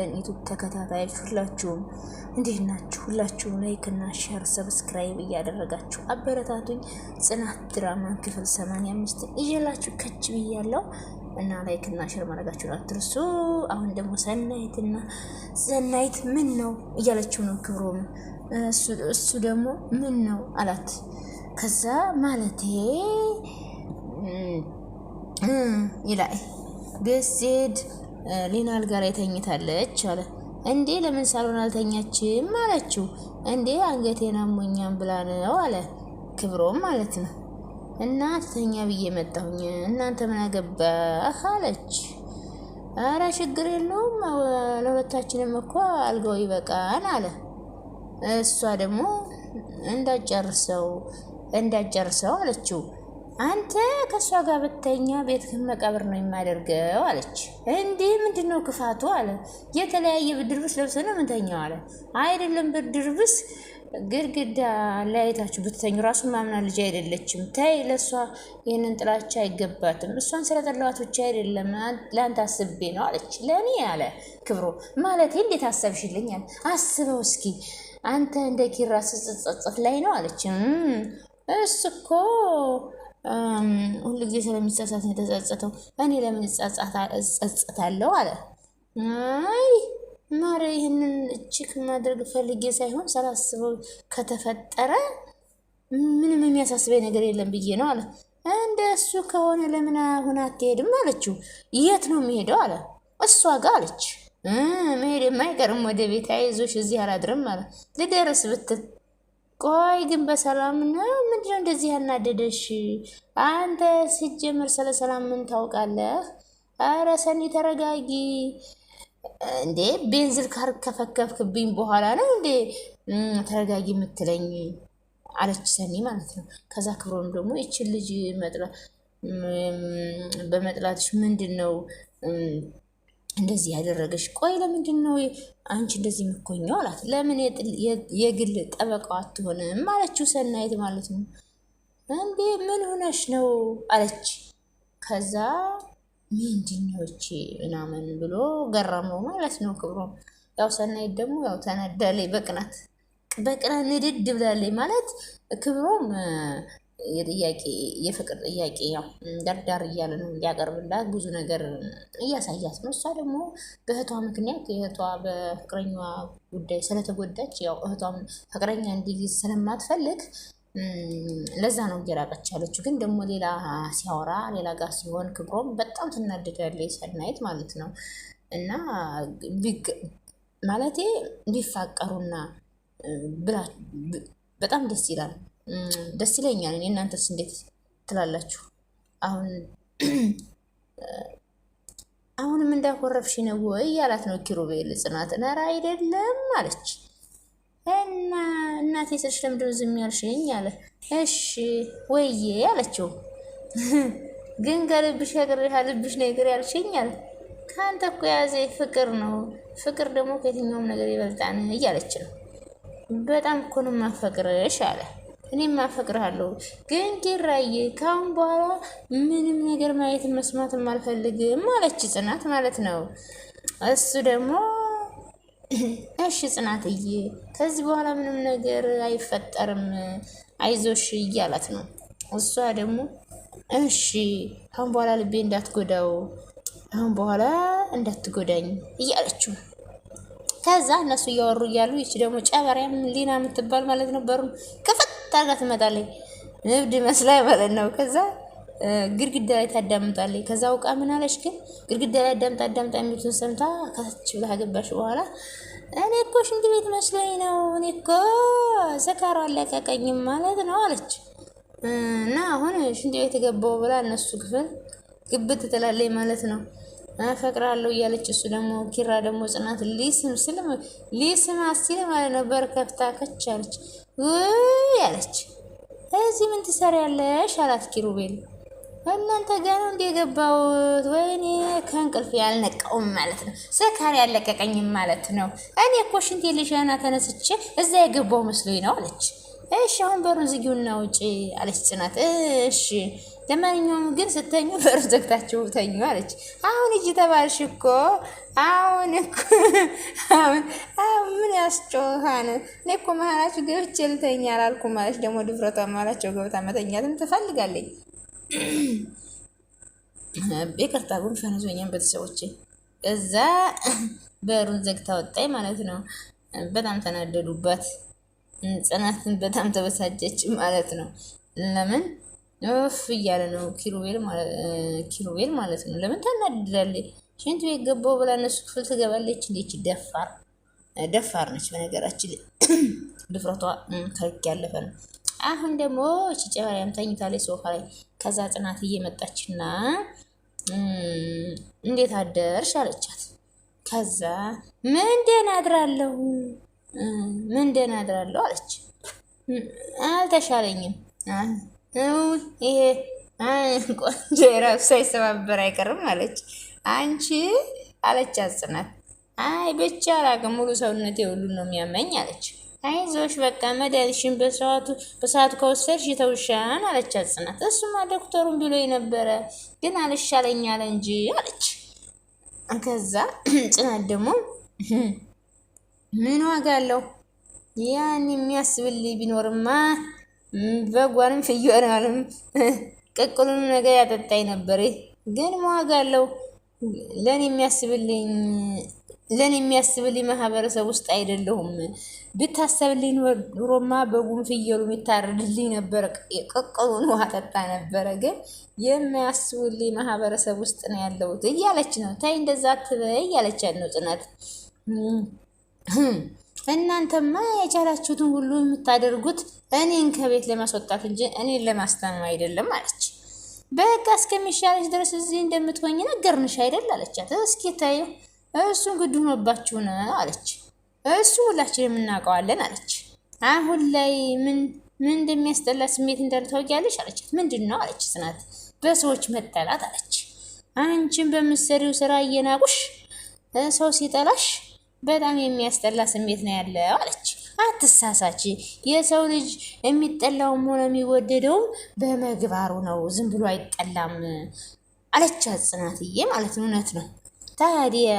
ያለን ዩቱብ ተከታታዮች ሁላችሁም እንዴት ናችሁ? ሁላችሁ ላይክ እና ሸር ሰብስክራይብ እያደረጋችሁ አበረታቱኝ። ጽናት ድራማ ክፍል 85 እየላችሁ ከች ብያለው እና ላይክ እና ሸር ማድረጋችሁን አትርሱ። አሁን ደግሞ ሰናይትና ሰናይት ምን ነው እያለችው ነው ክብሮም። እሱ ደግሞ ምን ነው አላት። ከዛ ማለቴ ይላል ቤት ሌላ አልጋ ላይ ተኝታለች አለ። እንዴ ለምን ሳሎን አልተኛችም አለችው። እንዴ አንገቴን አሞኛም ብላ ነው አለ ክብሮም ማለት ነው። እና ትተኛ ብዬ መጣሁኝ እናንተ ምን አገባህ አለች። አረ ችግር የለውም ለሁለታችንም እኮ አልጋው ይበቃን አለ። እሷ ደግሞ እንዳጨርሰው እንዳጨርሰው አለችው። አንተ ከእሷ ጋር ብተኛ ቤት መቃብር ነው የማደርገው አለች። እንዲህ ምንድን ነው ክፋቱ አለ። የተለያየ ብድርብስ ለብሰ ነው የምንተኛው አለ። አይደለም ብድርብስ ግድግዳ ለያይታችሁ ብትተኙ ራሱ ማምና ልጅ አይደለችም። ተይ ለእሷ ይህንን ጥላቻ አይገባትም። እሷን ጠለዋት ብቻ አይደለም ለአንተ አስቤ ነው አለች። ለእኔ አለ ክብሮ ማለት እንዴት አሰብሽልኛል? አስበው እስኪ አንተ እንደ ኪራ ስትጸጸት ላይ ነው አለች። እሱ እኮ ሁሉ ጊዜ ስለሚጸጸት ነው የተጸጸተው። እኔ ለምን እጸጸታለሁ አለ። አይ ማረ ይህንን እችክ ማድረግ ፈልጌ ሳይሆን ሳላስበው ከተፈጠረ ምንም የሚያሳስበኝ ነገር የለም ብዬ ነው አለ። እንደ እሱ ከሆነ ለምን አሁን አትሄድም አለችው። የት ነው የሚሄደው አለ። እሷ ጋር አለች። መሄድ የማይቀርም ወደ ቤት አይዞሽ፣ እዚህ አላድርም አለ። ልደርስ ብትል ቆይ ግን በሰላም ነው? ምንድነው እንደዚህ ያናደደሽ? አንተ ሲጀምር ስለ ሰላም ምን ታውቃለህ? ኧረ ሰኒ ተረጋጊ። እንዴ ቤንዝል ካርከፈከፍክብኝ በኋላ ነው እንዴ ተረጋጊ የምትለኝ? አለች ሰኒ ማለት ነው። ከዛ ክብሮም ደግሞ ይችን ልጅ በመጥላትሽ ምንድን ነው እንደዚህ ያደረገሽ ቆይ ለምንድን ነው አንቺ እንደዚህ የምኮኘው አላት ለምን የግል ጠበቃው አትሆንም አለችው ሰናይት ማለት ነው እንዴ ምን ሆነሽ ነው አለች ከዛ ምንድኖች ምናምን ብሎ ገረመው ማለት ነው ክብሮም ያው ሰናይት ደግሞ ያው ተናዳለች በቅናት በቅናት ንድድ ብላለይ ማለት ክብሮም የጥያቄ የፍቅር ጥያቄ ያው ዳርዳር እያለ ነው እንዲያቀርብላት ብዙ ነገር እያሳያት ነው። እሷ ደግሞ በእህቷ ምክንያት የእህቷ በፍቅረኛዋ ጉዳይ ስለተጎዳች ያው እህቷም ፍቅረኛ እንዲይዝ ስለማትፈልግ ለዛ ነው እየራቀች ያለችው። ግን ደግሞ ሌላ ሲያወራ ሌላ ጋር ሲሆን ክብሮም በጣም ትናደዳለች ሰናይት ማለት ነው። እና ማለቴ ቢፋቀሩና ብላ በጣም ደስ ይላል። ደስ ይለኛል። እኔ እናንተስ እንዴት ትላላችሁ? አሁን አሁንም እንዳኮረፍሽ ነው ወይ ያላት ነው ኪሩቤል ጽናት። ኧረ አይደለም አለች እና እናቴ ስልሽ ለምንድነው ዝም ያልሽኝ? አለ እሺ ወይ አለችው። ግን ከልብሽ ያገር ልብሽ ነገር ያልሽኝ አለ ከአንተ እኮ የያዘ ፍቅር ነው። ፍቅር ደግሞ ከየትኛውም ነገር ይበልጣን እያለች ነው። በጣም እኮ ነው የማፈቅርሽ አለ እኔም አፈቅርሃለሁ። ግን ጌራዬ ካሁን በኋላ ምንም ነገር ማየት መስማትም አልፈልግም አለች ጽናት ማለት ነው። እሱ ደግሞ እሺ ጽናትዬ፣ ከዚህ በኋላ ምንም ነገር አይፈጠርም አይዞሽ እያላት ነው። እሷ ደግሞ እሺ አሁን በኋላ ልቤ እንዳትጎዳው አሁን በኋላ እንዳትጎዳኝ እያለችው ከዛ እነሱ እያወሩ እያሉ ይቺ ደግሞ ጨበሪያም ሊና የምትባል ማለት ነበሩ ክፍት ታርጋ ትመጣለች። እብድ መስላይ ማለት ነው። ከዛ ግድግዳ ላይ ታዳምጣለች። ከዛ አውቃ ምን አለች ግን ግድግዳ ላይ አዳምጣ አዳምጣ የሚሉትን ሰምታ ከታች ብላ ገባሽ በኋላ እኔ እኮ ሽንት ቤት መስሎኝ ነው። እኔ እኮ ሰካራ አለቀቀኝም ማለት ነው አለች እና አሁን ሽንት ቤት ገባው ብላ እነሱ ክፍል ግብት ትላለች ማለት ነው። እፈቅራለሁ እያለች እሱ ደግሞ ኪራ ደግሞ ጽናት ሊስም ስልም ሊስም አስችል ማለት ነው። በር ከፍታ ከች አለች ያለች እዚህ ምን ትሰሪያለሽ አላት ኪሩቤል። እናንተ ጋር ነው እንደ ወይኔ ከእንቅልፍ ያልነቃውም ማለት ነው፣ ስካር ያለቀቀኝም ማለት ነው። እኔ እኮ ሽንቴ ልሸና ተነስቼ እዛ የገባው መስሎኝ ነው አለች። እሺ አሁን በሩ ዝጊውና ውጪ አለች ጽናት። እሺ ለማንኛውም ግን ስተኙ በሩ ዘግታችሁ ተኙ አለች። አሁን እጅ ተባልሽ እኮ አሁን እኮ አሁን አሁን ምን ያስጮኻን? እኔ እኮ መሀላችሁ ገብቼ ልተኛ አላልኩም ማለች። ደግሞ ድፍረቷ ማላቸው ገብታ መተኛትም ትፈልጋለኝ። ይቅርታ ጉንፋን ይዞኛል ቤተሰቦች። እዛ በሩን ዘግታ ወጣኝ ማለት ነው። በጣም ተናደዱባት። ጽናትን በጣም ተበሳጨች ማለት ነው። ለምን እፍ እያለ ነው ኪሩቤል ማለት ነው። ለምን ታናድዳለች? ሽንት ቤት ገባው ብላ እነሱ ክፍል ትገባለች። እንዴች ደፋር ደፋር ነች። በነገራችን ድፍረቷ ከልክ ያለፈ ነው። አሁን ደግሞ ጭጨበሪያም ተኝታለች ሶፋ ላይ። ከዛ ጽናት እየመጣችና እንዴት አደርሽ አለቻት። ከዛ ምን ደህና አድራለሁ ምን ደህና አድራለሁ አለች። አልተሻለኝም። ይሄ ቆንጆ የራሱ ሳይሰባበር አይቀርም አለች። አንቺ አለች አጽናት። አይ ብቻ አላውቅም፣ ሙሉ ሰውነቴ ሁሉ ነው የሚያመኝ አለች። አይዞሽ በቃ መድኃኒትሽን በሰዓቱ ከወሰድሽ ይተውሻን አለች አጽናት። እሱማ ዶክተሩን ብሎ የነበረ ግን አልሻለኝ አለ እንጂ አለች። ከዛ ጽናት ደግሞ ምን ዋጋ አለው? ያን የሚያስብልኝ ቢኖርማ በጓንም ፍየሏንም ቅቅሉንም ነገር ያጠጣኝ ነበር። ግን ዋጋ አለው? ለኔ የሚያስብልኝ ለኔ የሚያስብልኝ ማህበረሰብ ውስጥ አይደለሁም። ብታሰብልኝ ኑሮማ በጉም ፍየሉ የሚታረድልኝ ነበር፣ ቅቅሉን ውሃ ጠጣ ነበረ። ግን የማያስቡልኝ ማህበረሰብ ውስጥ ነው ያለሁት እያለች ነው። ታይ እንደዛ ትበይ እያለች ነው ጽናት እናንተማ የቻላችሁትን ሁሉ የምታደርጉት እኔን ከቤት ለማስወጣት እንጂ እኔን ለማስታመም አይደለም አለች። በቃ እስከሚሻለች ድረስ እዚህ እንደምትሆኝ ነገርንሽ አይደል አለቻት። እስኪ ታየው እሱ ግድ ሆኖባችሁ ነው አለች። እሱ ሁላችን የምናውቀዋለን አለች። አሁን ላይ ምን ምን እንደሚያስጠላ ስሜት እንዳለ ታውቂያለሽ አለቻት። ምንድን ነው አለች ጽናት። በሰዎች መጠላት አለች። አንቺን በምትሰሪው ስራ እየናቁሽ ሰው ሲጠላሽ በጣም የሚያስጠላ ስሜት ነው ያለው አለች። አትሳሳች፣ የሰው ልጅ የሚጠላውም ሆነ የሚወደደውም በመግባሩ ነው፣ ዝም ብሎ አይጠላም አለች ጽናትዬ። ማለት እውነት ነው። ታዲያ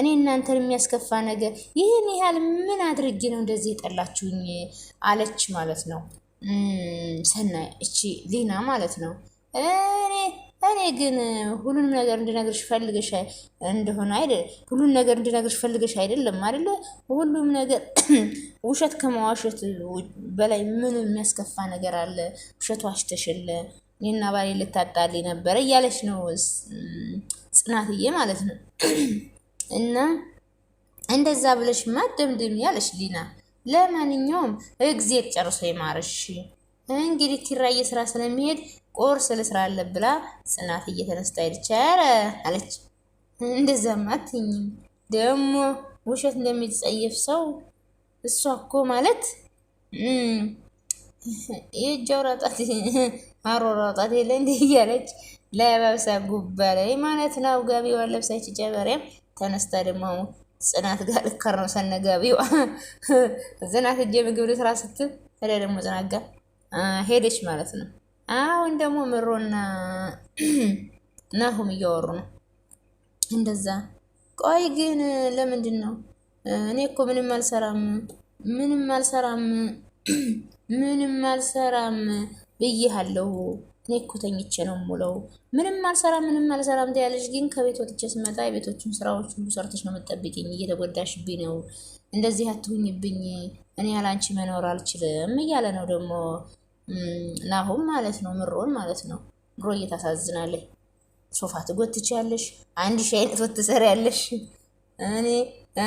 እኔ እናንተን የሚያስከፋ ነገር ይህን ያህል ምን አድርጌ ነው እንደዚህ የጠላችሁኝ? አለች ማለት ነው ሰናይ፣ እቺ ሊና ማለት ነው እኔ ግን ሁሉንም ነገር እንድነግርሽ ፈልገሽ እንደሆነ አይደል? ሁሉን ነገር እንድነግርሽ ፈልገሽ አይደለም አይደለ? ሁሉም ነገር ውሸት ከመዋሸት በላይ ምን የሚያስከፋ ነገር አለ? ውሸት ዋሽተሽለ እኔና ባሌ ልታጣል ነበረ እያለች ነው ጽናትዬ ማለት ነው። እና እንደዛ ብለሽ ማደምደም ያለሽ ሊና። ለማንኛውም እግዜር ጨርሶ ይማርሽ። እንግዲህ ኪራዬ ስራ ስለሚሄድ ቁርስ ልስራ አለ ብላ ጽናት እየተነስታ ሄደች። ኧረ አለች እንደዛማ አትይኝም ደግሞ ውሸት እንደሚጸየፍ ሰው እሷ እኮ ማለት የእጅ አውራ ጣት አሮራ የለ እንደ እያለች ለባብሳ ጉባ ላይ ማለት ነው ጋቢዋን ለብሳች ጨበሪያም ተነስታ ደግሞ ጽናት ጋር ልከር ነው ሰነ ጋቢዋ ጽናት እጄ ምግብ ልስራ ስትል ተለይ ደግሞ ጽናት ጋር ሄደች ማለት ነው። አሁን ደግሞ ምሮና ናሁም እያወሩ ነው እንደዛ። ቆይ ግን ለምንድን ነው እኔ እኮ ምንም አልሰራም ምንም አልሰራም ምንም አልሰራም ብዬሃለሁ። እኔ እኮ ተኝቼ ነው የምውለው። ምንም አልሰራም ምንም አልሰራም ትያለሽ፣ ግን ከቤት ወጥቼ ስመጣ የቤቶቹን ስራዎች ሁሉ ሰርተሽ ነው የምጠብቅኝ። እየተጎዳሽብኝ ነው። እንደዚህ አትሁኝብኝ እኔ ያላንቺ መኖር አልችልም እያለ ነው ደግሞ ናሁም ማለት ነው ምሮን ማለት ነው። ምሮ እየታሳዝናለች። ሶፋ ትጎትቻለሽ፣ አንድ ሻይ ንጥፍ ትሰሪያለሽ፣ እኔ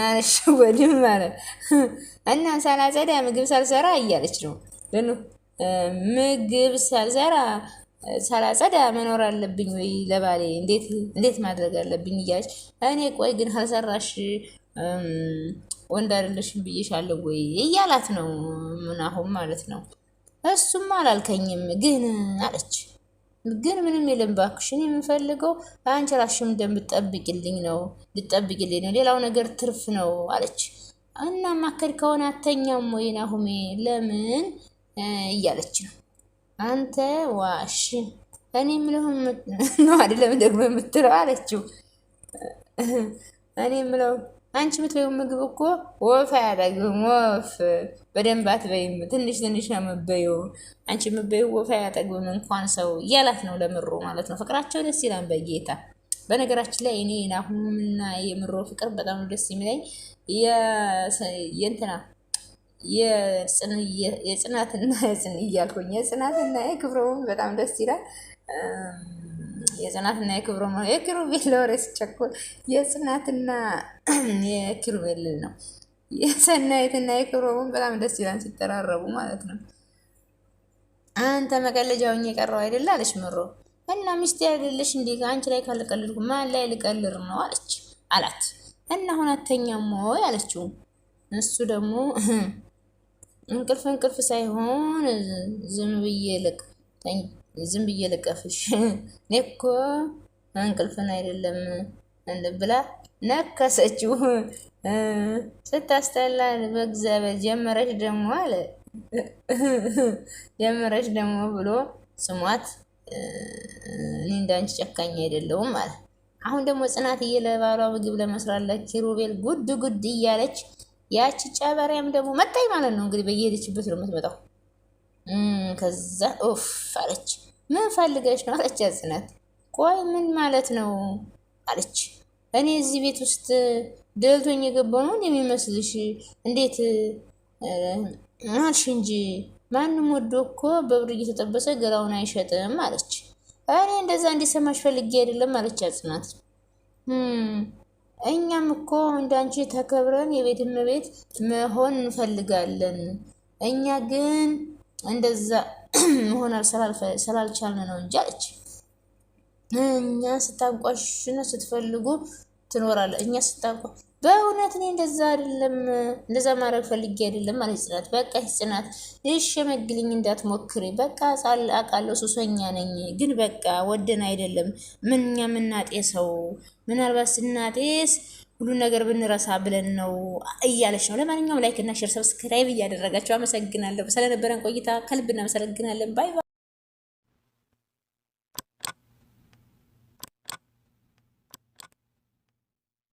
አልሸወድም ማለት እና ሳላጸዳ ምግብ ሳልሰራ እያለች ነው ምግብ ሳልሰራ ሳላጸዳ መኖር አለብኝ ወይ ለባሌ እንዴት ማድረግ አለብኝ እያለች እኔ ቆይ ግን አልሰራሽ ወንድ አይደለሽም ብዬሻለሁ ወይ እያላት ነው ምናሁን ማለት ነው። እሱም አላልከኝም ግን አለች። ግን ምንም የለም እባክሽ፣ እኔ የምፈልገው አንቺ ራስሽም እንደምትጠብቂልኝ ነው ልትጠብቂልኝ ነው። ሌላው ነገር ትርፍ ነው አለች። እና ማከድ ከሆነ አተኛም ወይ ናሁሜ ለምን እያለች ነው። አንተ ዋሽ እኔ የምለው ነው አይደለም ደግሞ የምትለው አለችው። እኔ የምለው አንቺ የምትበይው ምግብ እኮ ወፍ አያጠግብም። ወፍ በደንብ አትበይም። ትንሽ ትንሽ ነው የምትበይው። አንቺ የምትበይው ወፍ አያጠግብም እንኳን ሰው እያላት ነው ለምሮ ማለት ነው። ፍቅራቸው ደስ ይላል በጌታ። በነገራችን ላይ እኔ ናሁምና የምሮ ፍቅር በጣም ደስ የሚለኝ የእንትና የጽናትና የጽን እያልኩኝ የጽናትና የክብረውን በጣም ደስ ይላል። የጽናትና የክብሮም ነው። የክሩቤል ለወሬ ሲቸኩል የጽናትና የክሩቤል ነው። የሰናይትና የክብሮም በጣም ደስ ይላል ሲጠራረቡ ማለት ነው። አንተ መቀለጃውኝ የቀረው አይደለ አለች ምሮ። እና ሚስቴ አይደለሽ እንዲ አንቺ ላይ ካልቀልድኩ ማን ላይ ልቀልር ነው አለች አላት። እና አሁን አተኛም ወይ አለችው። እሱ ደግሞ እንቅልፍ እንቅልፍ ሳይሆን ዝም ብዬ ልቅ ዝም ብዬ ልቀፍሽ፣ እኔ እኮ እንቅልፍን አይደለም ብላ ነከሰችው። ስታስተላ በእግዚአብሔር ጀመረች ደግሞ አለ ጀመረች ደግሞ ብሎ ስሟት። እኔ እንዳንቺ ጨካኝ አይደለውም አለ። አሁን ደግሞ ጽናትዬ ለባሏ ምግብ ለመስራት ለኪሩቤል ጉድ ጉድ እያለች ያቺ ጨበሪያም ደግሞ መጣኝ ማለት ነው። እንግዲህ በየሄደችበት ነው የምትመጣው። ከዛ ኡፍ አለች። ምን ፈልገሽ ነው አለች ጽናት። ቆይ ምን ማለት ነው አለች። እኔ እዚህ ቤት ውስጥ ደልቶኝ የገባው ነው የሚመስልሽ? እንዴት ማርሽ እንጂ ማንም ወዶ እኮ በብር እየተጠበሰ ገላውን አይሸጥም አለች። እኔ እንደዛ እንዲሰማሽ ፈልጌ አይደለም አለች ጽናት። እኛም እኮ እንዳንቺ ተከብረን የቤት እመቤት መሆን እንፈልጋለን። እኛ ግን እንደዛ መሆን ስላልቻልን ነው እንጂ አለች። እኛ ስታንቋሽነ ስትፈልጉ ትኖራለ እኛ ስታንቋ በእውነት እኔ እንደዛ አይደለም፣ እንደዛ ማድረግ ፈልጌ አይደለም ማለት ጽናት፣ በቃ ጽናት ልሸመግልኝ እንዳትሞክሪ፣ በቃ አውቃለሁ፣ ሱሰኛ ነኝ፣ ግን በቃ ወደን አይደለም ምን እኛ ሰው ምናልባት ስናጤስ ሁሉን ነገር ብንረሳ ብለን ነው እያለች ነው። ለማንኛውም ላይክ እና ሼር፣ ሰብስክራይብ እያደረጋቸው አመሰግናለሁ። ስለነበረን ቆይታ ከልብ እናመሰግናለን። ባይ